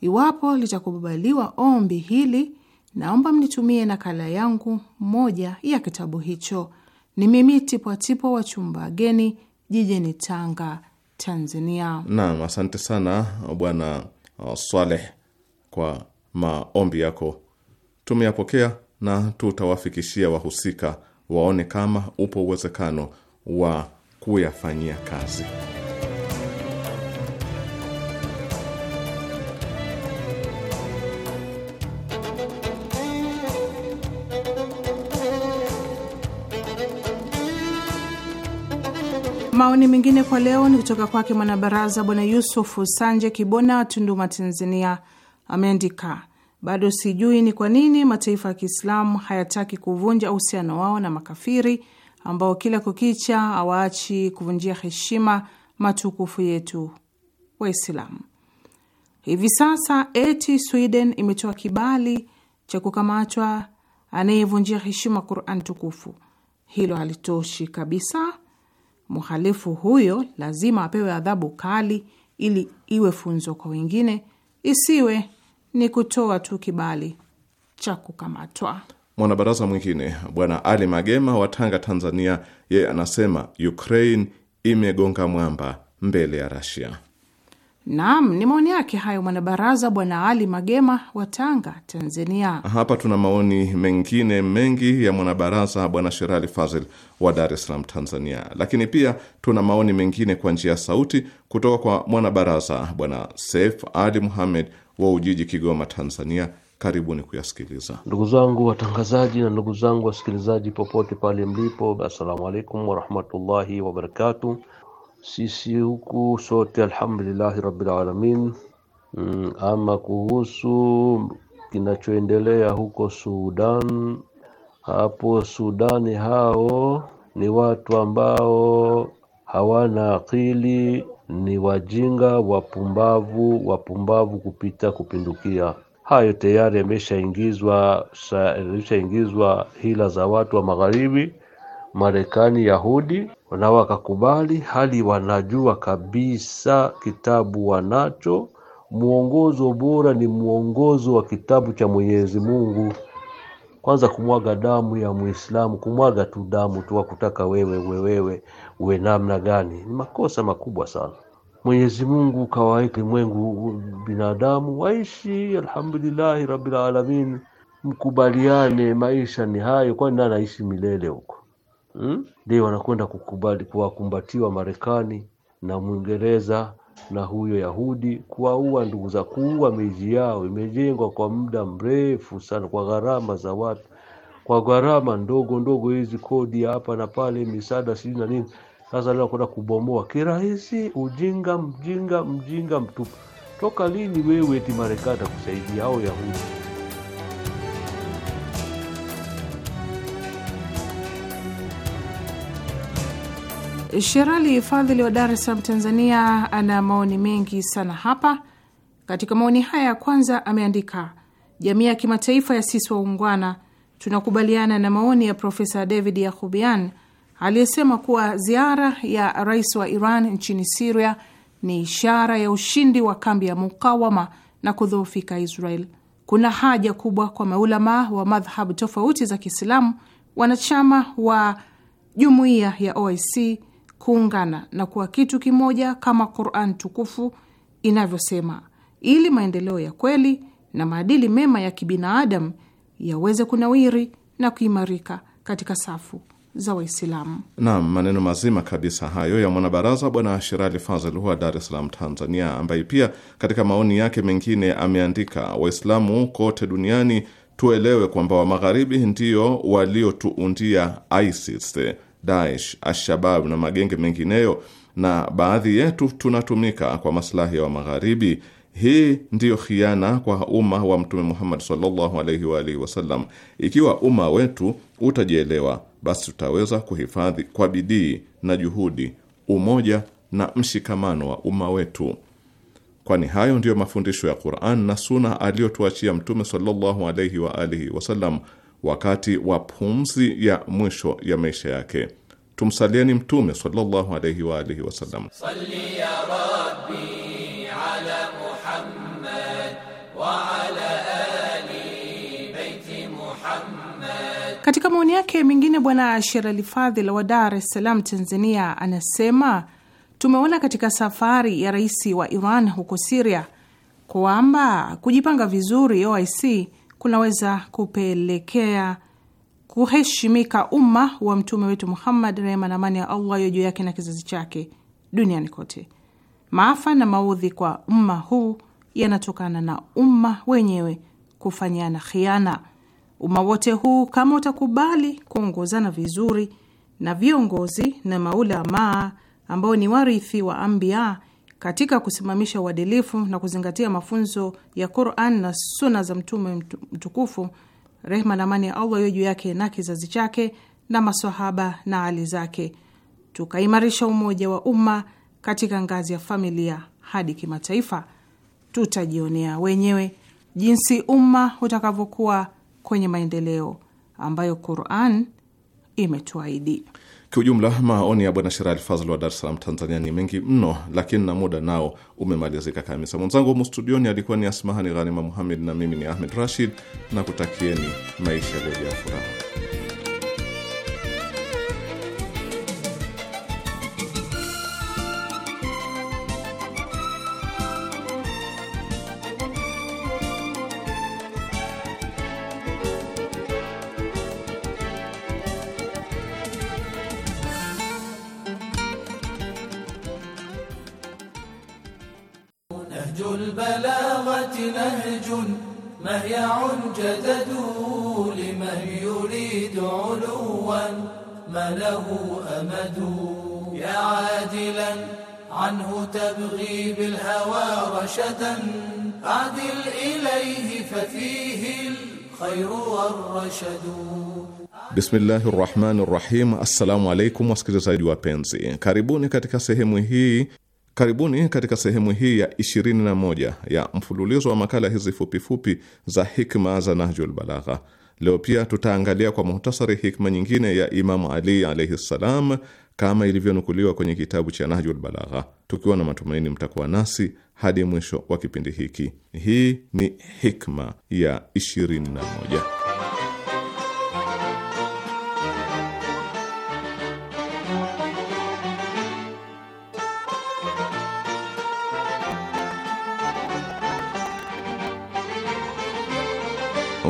Iwapo litakubaliwa ombi hili, naomba mnitumie nakala yangu moja ya kitabu hicho. Ni mimi Tipwatipwa wa Chumba Geni, jijini Tanga, Tanzania. Naam, asante sana Bwana swaleh kwa maombi yako. Tumeyapokea na tutawafikishia wahusika waone kama upo uwezekano wa kuyafanyia kazi. Maoni mengine kwa leo ni kutoka kwake mwanabaraza Bwana Yusufu Sanje Kibona, Tunduma, Tanzania. Ameandika, bado sijui ni kwa nini mataifa ya Kiislamu hayataki kuvunja uhusiano wao na makafiri ambao kila kukicha hawaachi kuvunjia heshima matukufu yetu Waislamu. Hivi sasa eti Sweden imetoa kibali cha kukamatwa anayevunjia heshima Quran tukufu. Hilo halitoshi kabisa. Mhalifu huyo lazima apewe adhabu kali, ili iwe funzo kwa wengine, isiwe ni kutoa tu kibali cha kukamatwa. Mwanabaraza mwingine Bwana Ali Magema wa Tanga, Tanzania, yeye anasema Ukraine imegonga mwamba mbele ya Rasia. Naam, ni maoni yake hayo mwanabaraza Bwana Ali Magema wa Tanga, Tanzania. Hapa tuna maoni mengine mengi ya mwanabaraza Bwana Sherali Fazil wa Dar es Salaam, Tanzania, lakini pia tuna maoni mengine kwa njia ya sauti kutoka kwa mwanabaraza Bwana Saif Ali Muhamed wa Ujiji, Kigoma, Tanzania. Karibuni kuyasikiliza ndugu zangu watangazaji na ndugu zangu wasikilizaji popote pale mlipo, assalamu alaikum warahmatullahi wabarakatu. Sisi huku sote alhamdulillahi rabbil alamin. Mm, ama kuhusu kinachoendelea huko Sudan, hapo Sudani hao ni watu ambao hawana akili ni wajinga wapumbavu wapumbavu kupita kupindukia. Hayo tayari yameshaingizwa hila za watu wa Magharibi, Marekani, Yahudi, na wakakubali, hali wanajua kabisa kitabu wanacho. muongozo bora ni mwongozo wa kitabu cha Mwenyezi Mungu kwanza kumwaga damu ya Muislamu, kumwaga tu damu tu, wakutaka wewe wewewe uwe namna gani, ni makosa makubwa sana. Mwenyezi Mungu kawaika limwengu binadamu waishi, alhamdulillahi rabbil alamin, mkubaliane, maisha ni hayo, kwani nani anaishi milele huko hmm? ndio? Hmm, wanakwenda kukubali kuwakumbatiwa Marekani na Mwingereza na huyo Yahudi kuwaua ndugu za kuua miji yao imejengwa kwa muda mrefu sana kwa gharama za watu, kwa gharama ndogo ndogo, hizi kodi hapa na pale, misaada sijui na nini. Sasa leo kwenda kubomoa kirahisi, ujinga mjinga mjinga mtupu. Toka lini wewe eti Marekani kusaidia hao Yahudi? Sherali Fadhili wa Dar es Salaam, Tanzania, ana maoni mengi sana hapa. Katika maoni haya ya kwanza ameandika, jamii ya kimataifa ya sisi waungwana tunakubaliana na maoni ya Profesa David Yahubian aliyesema kuwa ziara ya rais wa Iran nchini Siria ni ishara ya ushindi wa kambi ya mukawama na kudhoofika Israel. Kuna haja kubwa kwa maulamaa wa madhhabu tofauti za Kiislamu wanachama wa jumuiya ya OIC kuungana na kuwa kitu kimoja kama Quran tukufu inavyosema, ili maendeleo ya kweli na maadili mema ya kibinadamu yaweze kunawiri na kuimarika katika safu za Waislamu. Naam, maneno mazima kabisa hayo ya mwanabaraza Bwana Shirali Fazil wa Dar es Salaam, Tanzania, ambaye pia katika maoni yake mengine ameandika, Waislamu kote duniani tuelewe kwamba wa magharibi ndio waliotuundia ISIS Daesh, Alshabab na magenge mengineyo, na baadhi yetu tunatumika kwa maslahi ya wa Magharibi. Hii ndiyo khiana kwa umma wa Mtume Muhammad sallallahu alaihi wa alihi wasallam. Ikiwa umma wetu utajielewa, basi tutaweza kuhifadhi kwa bidii na juhudi umoja na mshikamano wa umma wetu, kwani hayo ndiyo mafundisho ya Qur'an na Suna aliyotuachia Mtume sallallahu alaihi wa alihi wasallam wakati wa pumzi ya mwisho ya maisha yake. Tumsalieni Mtume sallallahu alaihi wa alihi wasallam. Katika maoni yake mengine, Bwana sher Alifadhil wa Dar es Salaam, Tanzania, anasema tumeona katika safari ya rais wa Iran huko Siria kwamba kujipanga vizuri OIC kunaweza kupelekea kuheshimika umma wa mtume wetu Muhammad, rehma na amani ya Allah yo juu yake na kizazi chake duniani kote. Maafa na maudhi kwa umma huu yanatokana na umma wenyewe kufanyana khiana. Umma wote huu kama utakubali kuongozana vizuri na viongozi na maulamaa ambao ni warithi wa ambia katika kusimamisha uadilifu na kuzingatia mafunzo ya Quran na suna za Mtume mtukufu, rehma na amani ya Allah iwe juu yake na kizazi chake na masahaba na hali zake, tukaimarisha umoja wa umma katika ngazi ya familia hadi kimataifa. Tutajionea wenyewe jinsi umma utakavyokuwa kwenye maendeleo ambayo Quran imetuahidi. Kiujumla, maoni ya bwana Sherali Fazl wa Dar es Salaam, Tanzania ni mengi mno, lakini na muda nao umemalizika kabisa. Mwenzangu humu studioni alikuwa ni Asmahani Ghanima Muhammed na mimi ni Ahmed Rashid, na kutakieni maisha yaliyojaa furaha. رشدا عدل إليه ففيه الخير والرشد Bismillahi rahmani rahim. Assalamu alaikum wasikilizaji wapenzi, karibuni katika sehemu hii karibuni katika sehemu hii ya 21 ya mfululizo wa makala hizi fupifupi za hikma za Nahjul Balagha. Leo pia tutaangalia kwa muhtasari hikma nyingine ya Imamu Ali alaihi ssalam, kama ilivyonukuliwa kwenye kitabu cha Nahjul Balagha, tukiwa na matumaini mtakuwa nasi hadi mwisho wa kipindi hiki. Hii ni hikma ya 21.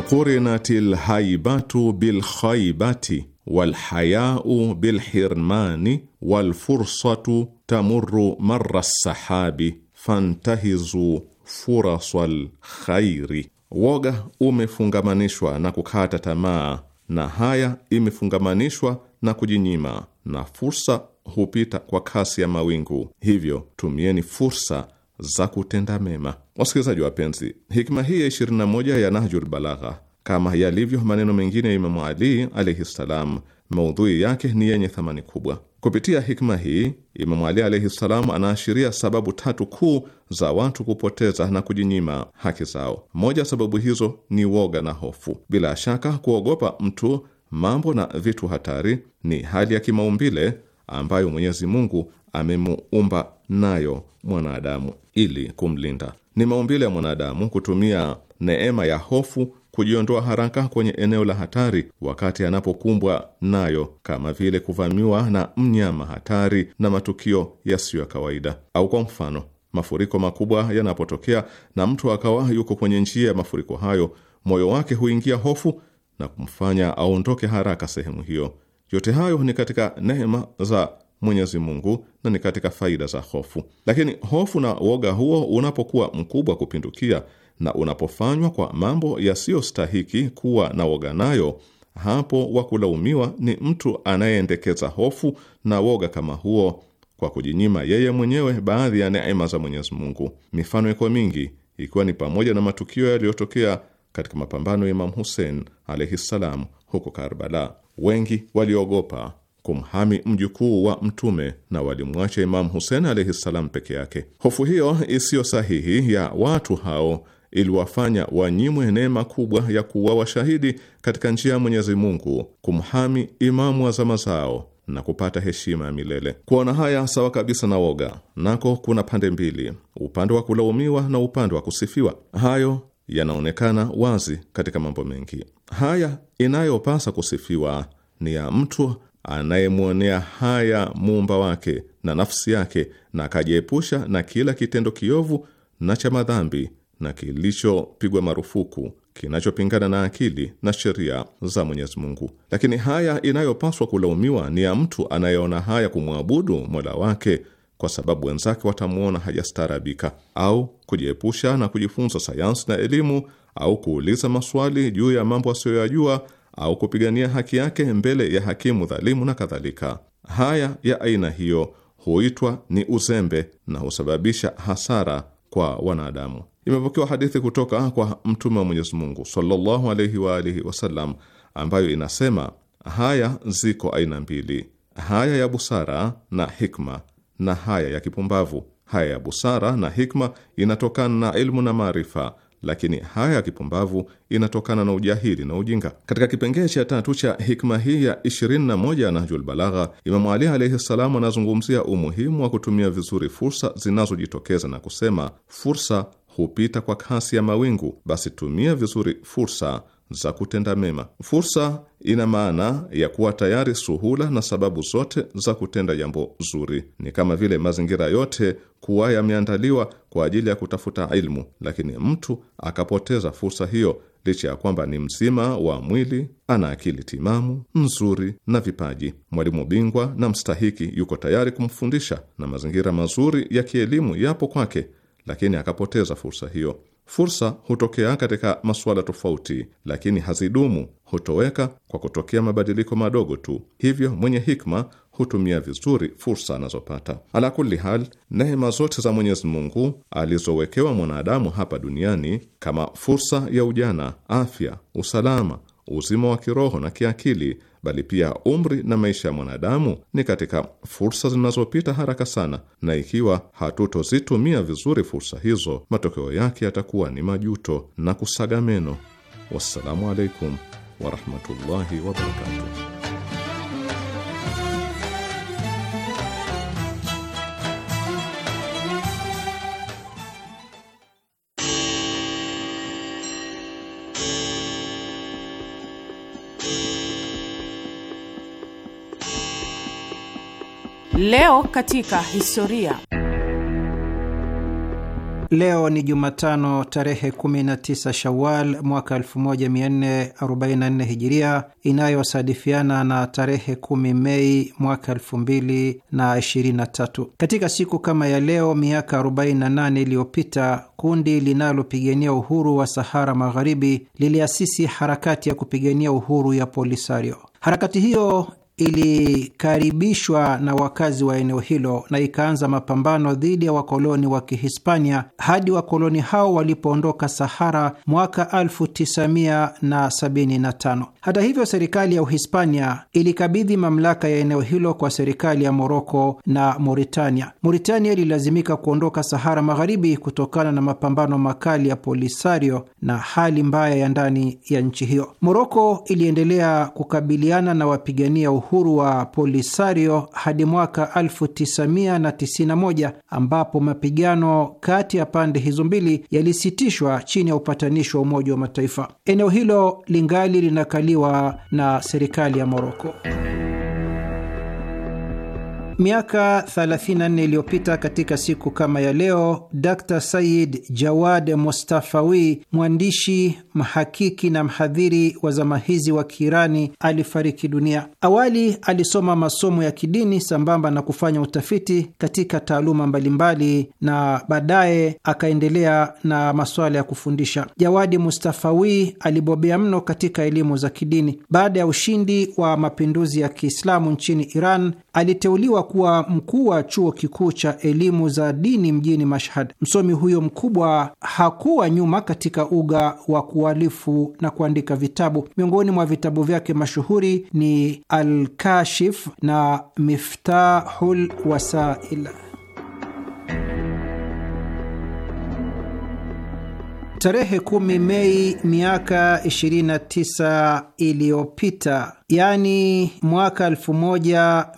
Qurinati lhaibatu bilkhaibati walhayau bilhirmani walfursatu tamuru mara lsahabi fantahizu furaswal khairi. Woga umefungamanishwa na kukata tamaa, na haya imefungamanishwa na kujinyima, na fursa hupita kwa kasi ya mawingu, hivyo tumieni fursa za kutenda mema. Wasikilizaji wapenzi, hikma hii ya 21 ya Nahjul Balagha, kama yalivyo maneno mengine ya Imamu Ali alaihi ssalam, maudhui yake ni yenye thamani kubwa. Kupitia hikma hii, Imamu Ali alaihi ssalam anaashiria sababu tatu kuu za watu kupoteza na kujinyima haki zao. Moja, sababu hizo ni woga na hofu. Bila shaka, kuogopa mtu, mambo na vitu hatari ni hali ya kimaumbile ambayo Mwenyezi Mungu amemuumba nayo mwanadamu ili kumlinda. Ni maumbile ya mwanadamu kutumia neema ya hofu kujiondoa haraka kwenye eneo la hatari wakati anapokumbwa nayo, kama vile kuvamiwa na mnyama hatari na matukio yasiyo ya kawaida, au kwa mfano mafuriko makubwa yanapotokea na mtu akawa yuko kwenye njia ya mafuriko hayo, moyo wake huingia hofu na kumfanya aondoke haraka sehemu hiyo. Yote hayo ni katika neema za Mwenyezi Mungu na ni katika faida za hofu. Lakini hofu na woga huo unapokuwa mkubwa kupindukia na unapofanywa kwa mambo yasiyostahiki kuwa na woga nayo, hapo wa kulaumiwa ni mtu anayeendekeza hofu na woga kama huo kwa kujinyima yeye mwenyewe baadhi ya neema za Mwenyezi Mungu. Mifano iko mingi, ikiwa ni pamoja na matukio yaliyotokea katika mapambano ya Imam Hussein alaihi ssalam huko Karbala. Wengi waliogopa kumhami mjukuu wa Mtume na walimwacha Imamu Hussein alaihi ssalam peke yake. Hofu hiyo isiyo sahihi ya watu hao iliwafanya wanyimwe neema kubwa ya kuwa washahidi katika njia ya Mwenyezi Mungu, kumhami imamu wa zama zao na kupata heshima ya milele. Kuona haya sawa kabisa na woga, nako kuna pande mbili, upande wa kulaumiwa na upande wa kusifiwa. Hayo yanaonekana wazi katika mambo mengi. Haya inayopasa kusifiwa ni ya mtu anayemwonea haya muumba wake na nafsi yake, na akajiepusha na kila kitendo kiovu na cha madhambi na kilichopigwa marufuku kinachopingana na akili na sheria za Mwenyezi Mungu. Lakini haya inayopaswa kulaumiwa ni ya mtu anayeona haya kumwabudu Mola wake kwa sababu wenzake watamwona hajastaarabika, au kujiepusha na kujifunza sayansi na elimu, au kuuliza maswali juu ya mambo asiyoyajua, au kupigania haki yake mbele ya hakimu dhalimu na kadhalika. Haya ya aina hiyo huitwa ni uzembe na husababisha hasara kwa wanadamu. Imepokewa hadithi kutoka kwa Mtume wa Mwenyezi Mungu sallallahu alaihi wa alihi wasallam ambayo inasema, haya ziko aina mbili, haya ya busara na hikma na haya ya kipumbavu. Haya ya busara na hikma inatokana na ilmu na maarifa, lakini haya ya kipumbavu inatokana na ujahili na ujinga. Katika kipengee cha tatu cha hikma hii ya 21 ya Nahjul Balagha, Imamu Ali alaihi ssalam anazungumzia umuhimu wa kutumia vizuri fursa zinazojitokeza na kusema, fursa hupita kwa kasi ya mawingu, basi tumia vizuri fursa za kutenda mema. Fursa ina maana ya kuwa tayari suhula na sababu zote za kutenda jambo zuri. Ni kama vile mazingira yote kuwa yameandaliwa kwa ajili ya kutafuta ilmu, lakini mtu akapoteza fursa hiyo, licha ya kwamba ni mzima wa mwili, ana akili timamu nzuri na vipaji. Mwalimu bingwa na mstahiki yuko tayari kumfundisha, na mazingira mazuri ya kielimu yapo kwake lakini akapoteza fursa hiyo. Fursa hutokea katika masuala tofauti, lakini hazidumu, hutoweka kwa kutokea mabadiliko madogo tu. Hivyo mwenye hikma hutumia vizuri fursa anazopata. Ala kulli hal, neema zote za Mwenyezi Mungu alizowekewa mwanadamu hapa duniani kama fursa ya ujana, afya, usalama, uzima wa kiroho na kiakili bali pia umri na maisha ya mwanadamu ni katika fursa zinazopita haraka sana, na ikiwa hatutozitumia vizuri fursa hizo, matokeo yake yatakuwa ni majuto na kusaga meno. Wassalamu alaikum warahmatullahi wabarakatuh. Leo katika historia. Leo ni Jumatano tarehe 19 Shawal mwaka 1444 Hijiria, inayosadifiana na tarehe 10 Mei mwaka 2023. Katika siku kama ya leo miaka 48 iliyopita, kundi linalopigania uhuru wa Sahara Magharibi liliasisi harakati ya kupigania uhuru ya Polisario. Harakati hiyo ilikaribishwa na wakazi wa eneo hilo na ikaanza mapambano dhidi ya wakoloni wa Kihispania hadi wakoloni hao walipoondoka Sahara mwaka 1975. Hata hivyo, serikali ya Uhispania ilikabidhi mamlaka ya eneo hilo kwa serikali ya Moroko na Mauritania. Mauritania ililazimika kuondoka Sahara Magharibi kutokana na mapambano makali ya Polisario na hali mbaya ya ndani ya nchi hiyo. Moroko iliendelea kukabiliana na wapigania uhuru wa Polisario hadi mwaka 1991 ambapo mapigano kati ya pande hizo mbili yalisitishwa chini ya upatanishi wa Umoja wa Mataifa. Eneo hilo lingali linakaliwa kuchukuliwa na serikali ya Moroko. Miaka 34 iliyopita katika siku kama ya leo, Dr Said Jawad Mustafawi, mwandishi, mhakiki na mhadhiri wa zama hizi wa Kiirani, alifariki dunia. Awali alisoma masomo ya kidini sambamba na kufanya utafiti katika taaluma mbalimbali, na baadaye akaendelea na masuala ya kufundisha. Jawadi Mustafawi alibobea mno katika elimu za kidini. Baada ya ushindi wa mapinduzi ya Kiislamu nchini Iran, aliteuliwa kuwa mkuu wa chuo kikuu cha elimu za dini mjini Mashhad. Msomi huyo mkubwa hakuwa nyuma katika uga wa kualifu na kuandika vitabu. Miongoni mwa vitabu vyake mashuhuri ni Alkashif na Miftahul Wasail. Tarehe kumi Mei miaka 29 iliyopita, yaani mwaka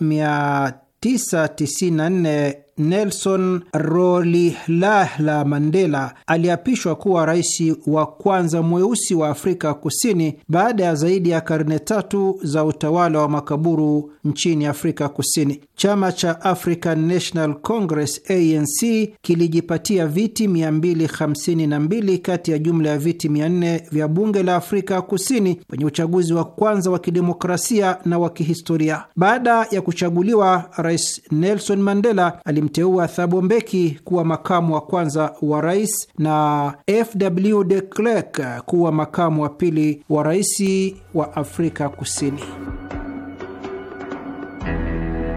mia 994 Nelson Rolihlahla Mandela aliapishwa kuwa rais wa kwanza mweusi wa Afrika Kusini baada ya zaidi ya karne tatu za utawala wa makaburu nchini Afrika Kusini. Chama cha African National Congress ANC kilijipatia viti 252 kati ya jumla ya viti 400 vya bunge la Afrika Kusini kwenye uchaguzi wa kwanza wa kidemokrasia na wa kihistoria. Baada ya kuchaguliwa, Rais Nelson Mandela ali alimteua Thabo Mbeki kuwa makamu wa kwanza wa rais na FW de Klerk kuwa makamu wa pili wa rais wa Afrika Kusini.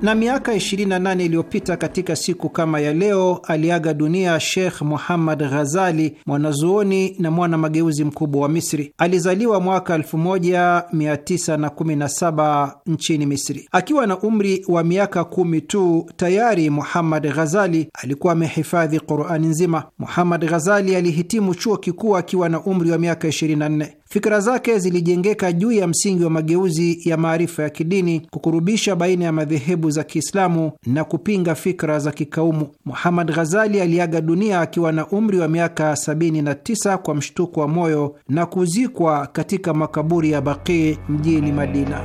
Na miaka 28 iliyopita katika siku kama ya leo aliaga dunia Sheikh Muhammad Ghazali, mwanazuoni na mwana mageuzi mkubwa wa Misri. Alizaliwa mwaka 1917 nchini Misri. Akiwa na umri wa miaka kumi tu tayari Muhammad Ghazali alikuwa amehifadhi Qurani nzima. Muhammad Ghazali alihitimu chuo kikuu akiwa na umri wa miaka 24. Fikra zake zilijengeka juu ya msingi wa mageuzi ya maarifa ya kidini, kukurubisha baina ya madhehebu za Kiislamu na kupinga fikra za kikaumu. Muhammad Ghazali aliaga dunia akiwa na umri wa miaka 79 kwa mshtuko wa moyo na kuzikwa katika makaburi ya Baqi mjini Madina.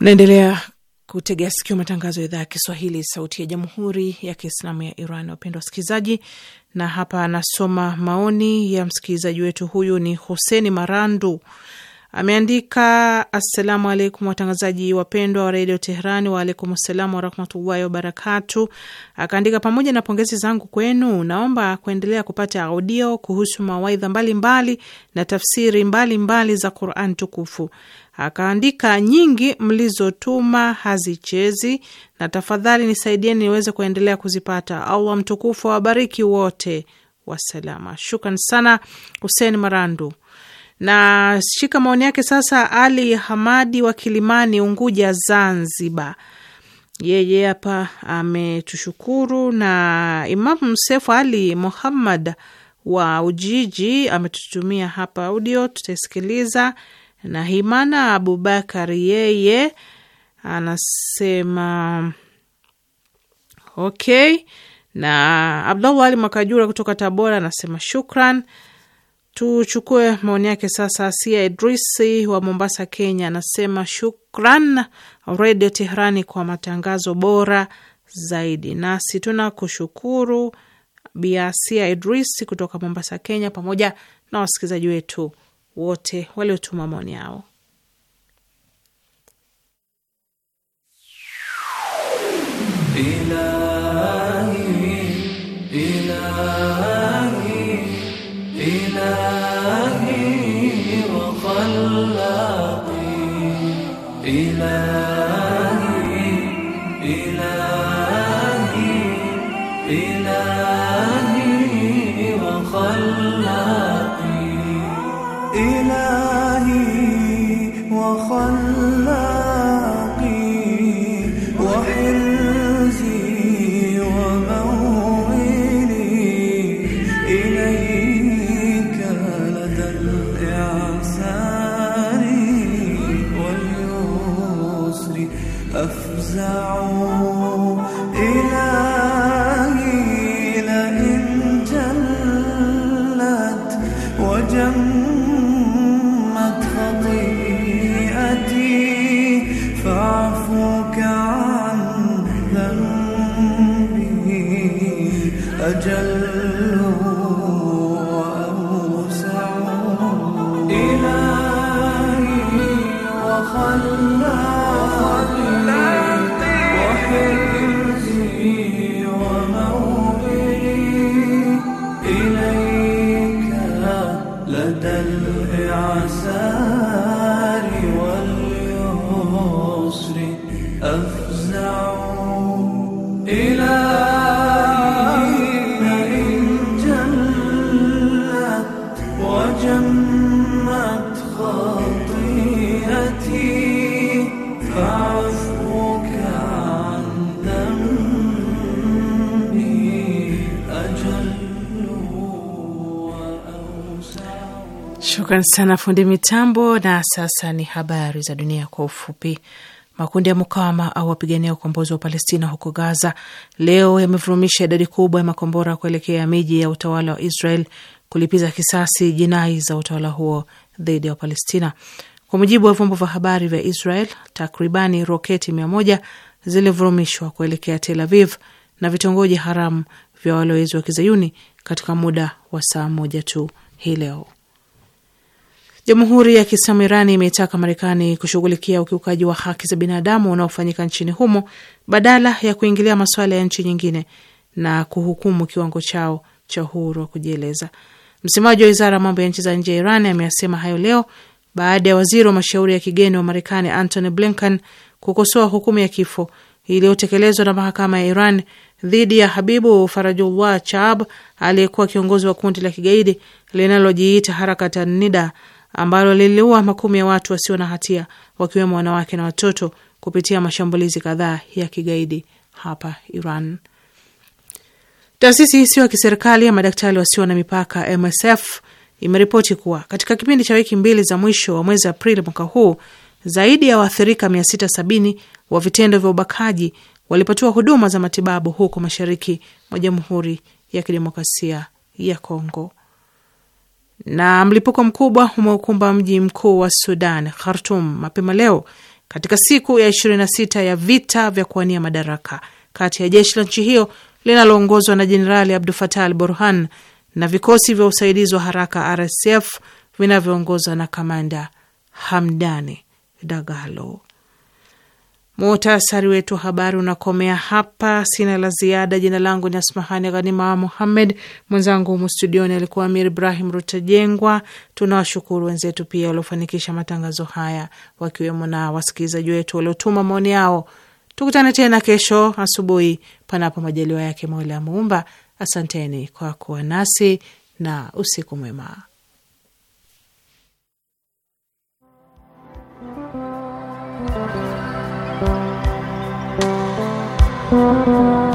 Naendelea kutegea sikio matangazo ya idhaa ya Kiswahili, sauti ya jamhuri ya kiislamu ya Iran. Wapendwa wasikilizaji, na hapa anasoma maoni ya msikilizaji wetu. Huyu ni Huseni Marandu, ameandika assalamu alaikum watangazaji wapendwa wa redio Teherani. Waalaikum assalamu warahmatullahi wabarakatu. Akaandika, pamoja na pongezi zangu kwenu, naomba kuendelea kupata audio kuhusu mawaidha mbalimbali na tafsiri mbalimbali mbali za Quran tukufu. Akaandika, nyingi mlizotuma hazichezi, na tafadhali nisaidieni niweze kuendelea kuzipata. Allah mtukufu awabariki wote, wasalama. Shukran sana Hussein Marandu. Na shika maoni yake sasa, Ali Hamadi wa Kilimani, Unguja, Zanzibar. Yeye hapa ametushukuru, na Imamu Msefu Ali Muhammad wa Ujiji ametutumia hapa audio, tutaisikiliza na Himana Abubakari yeye anasema ok, na Abdallah Ali Mwakajura kutoka Tabora anasema shukran. Tuchukue maoni yake sasa. Asia Idrisi wa Mombasa, Kenya anasema shukran Redio Teherani kwa matangazo bora zaidi. Nasi tuna kushukuru Asia Idrisi kutoka Mombasa, Kenya, pamoja na wasikilizaji wetu wote waliotuma maoni yao. النصر أفزع إلى Shukran sana fundi mitambo, na sasa ni habari za dunia kwa ufupi. Makundi ya mukawama au wapigania ukombozi wa Palestina huko Gaza leo yamevurumisha idadi kubwa ya makombora kuelekea miji ya utawala wa Israel kulipiza kisasi jinai za utawala huo dhidi ya Palestina. Kwa mujibu wa vyombo vya habari vya Israel, takribani roketi mia moja zilivurumishwa kuelekea Tel Aviv na vitongoji haramu vya walowezi wa kizayuni katika muda wa saa moja tu hii leo. Jamhuri ya Kiislamu Irani imeitaka Marekani kushughulikia ukiukaji wa haki za binadamu unaofanyika nchini humo badala ya kuingilia masuala ya nchi nyingine na kuhukumu kiwango chao cha uhuru wa kujieleza. Msemaji wa wizara ya mambo ya nchi za nje ya Iran ameyasema hayo leo baada ya waziri wa mashauri ya kigeni wa Marekani Antony Blinken kukosoa hukumu ya kifo iliyotekelezwa na mahakama ya Iran dhidi ya Habibu Farajullah Chaab aliyekuwa kiongozi wa kundi la kigaidi linalojiita Harakatan Nida ambalo liliua makumi ya watu wasio na hatia wakiwemo wanawake na watoto kupitia mashambulizi kadhaa ya kigaidi hapa Iran. Taasisi isiyo ya kiserikali ya madaktari wasio na mipaka MSF imeripoti kuwa katika kipindi cha wiki mbili za mwisho wa mwezi Aprili mwaka huu zaidi ya waathirika 670 wa vitendo vya ubakaji walipatiwa huduma za matibabu huko mashariki mwa Jamhuri ya Kidemokrasia ya Kongo. Na mlipuko mkubwa umeukumba mji mkuu wa Sudan, Khartum, mapema leo katika siku ya 26 ya vita vya kuwania madaraka kati ya jeshi la nchi hiyo linaloongozwa na Jenerali Abdu Fatah al Burhan na vikosi vya usaidizi wa haraka RSF vinavyoongozwa na kamanda Hamdani Dagalo. Muhtasari wetu wa habari unakomea hapa. Sina la ziada. Jina langu ni Asmahani Ghanima Muhammed, mwenzangu humu studioni alikuwa Amir Ibrahim Rutajengwa. Tunawashukuru wenzetu pia waliofanikisha matangazo haya, wakiwemo na wasikilizaji wetu waliotuma maoni yao. Tukutane tena kesho asubuhi, panapo majaliwa yake Mola Muumba. Asanteni kwa kuwa nasi na usiku mwema. Thank you.